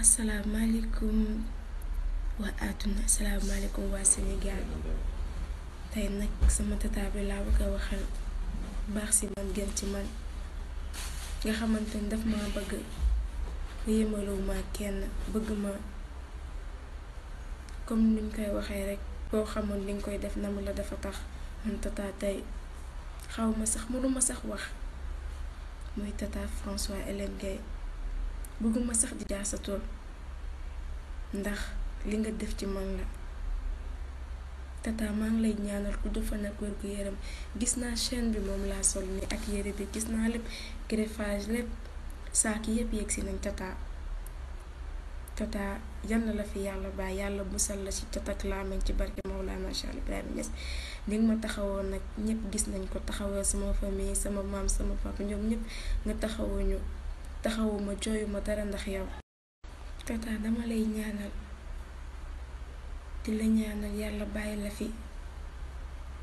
asalaamaaleykum waa àdduna asalaamaaleykum waa Sénégal tey nag sama tata bi laa bëgg a waxal baax si man gën ci man nga xamante ni daf ma bëgg yéemaloo kenn bëgg ma comme ni koy waxee rek boo xamoon li nga koy def namu la dafa tax man tata tey xaw ma sax mënuma sax wax muy tata François Hélène Gueye bëgguma sax di jaar sa tool ndax li nga def ci man la tata maa ngi lay ñaanal ku dafa nag wér gu yaram gis naa chaîne bi moom laa sol ni ak yére bi gis naa lépp greffage lépp saak yépp yegg si nañ tata tata yan la fi yàlla baa yàlla musal la ci cat ak laamañ ci barke Mawlana Cheikh Ibrahima Niass ni ma taxawoon nag ñépp gis nañ ko taxawal sama famille sama maam sama papa ñoom ñépp nga taxawuñu taxawuma jooyuma dara ndax yow tata dama lay ñaanal di la ñaanal yàlla bàyyi la fi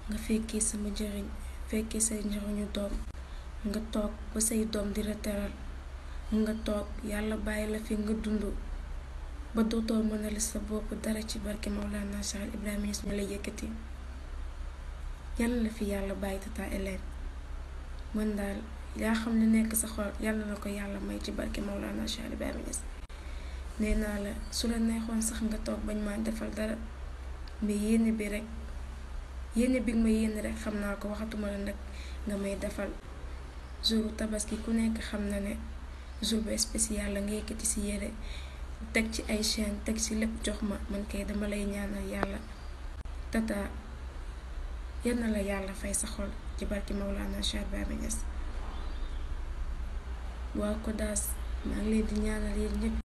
nga fekkee sama njëriñ fekkee say njëriñu doom nga toog ba say doom di la teral nga toog yàlla bàyyi la fi nga dundu ba dootoo mënale sa boppu dara ci barke Mawlana Cheikh Ibrahima Niass ma la fi yàlla bàyyi tata Hélène mën daal yaa xam li nekk sa xol yàlla na ko yàlla may ci barke Maulana Cheikh Ibrahima Niass nee naa la su la neexoon sax nga toog bañ maa defal dara mais yéene bi rek yéene bi ma yéene rek xam naa ko waxatuma la nag nga may defal jour tabaski ku nekk xam na ne jour bu spécial la nga yëkkati si yére teg ci ay chaine teg ci lépp jox ma man kay dama lay ñaanal yàlla tata yal na la yàlla fay sa xol ci barke Maulana Cheikh Ibrahima Niass waa CODAS maa ngi leen di ñaanal yéen ñëpp.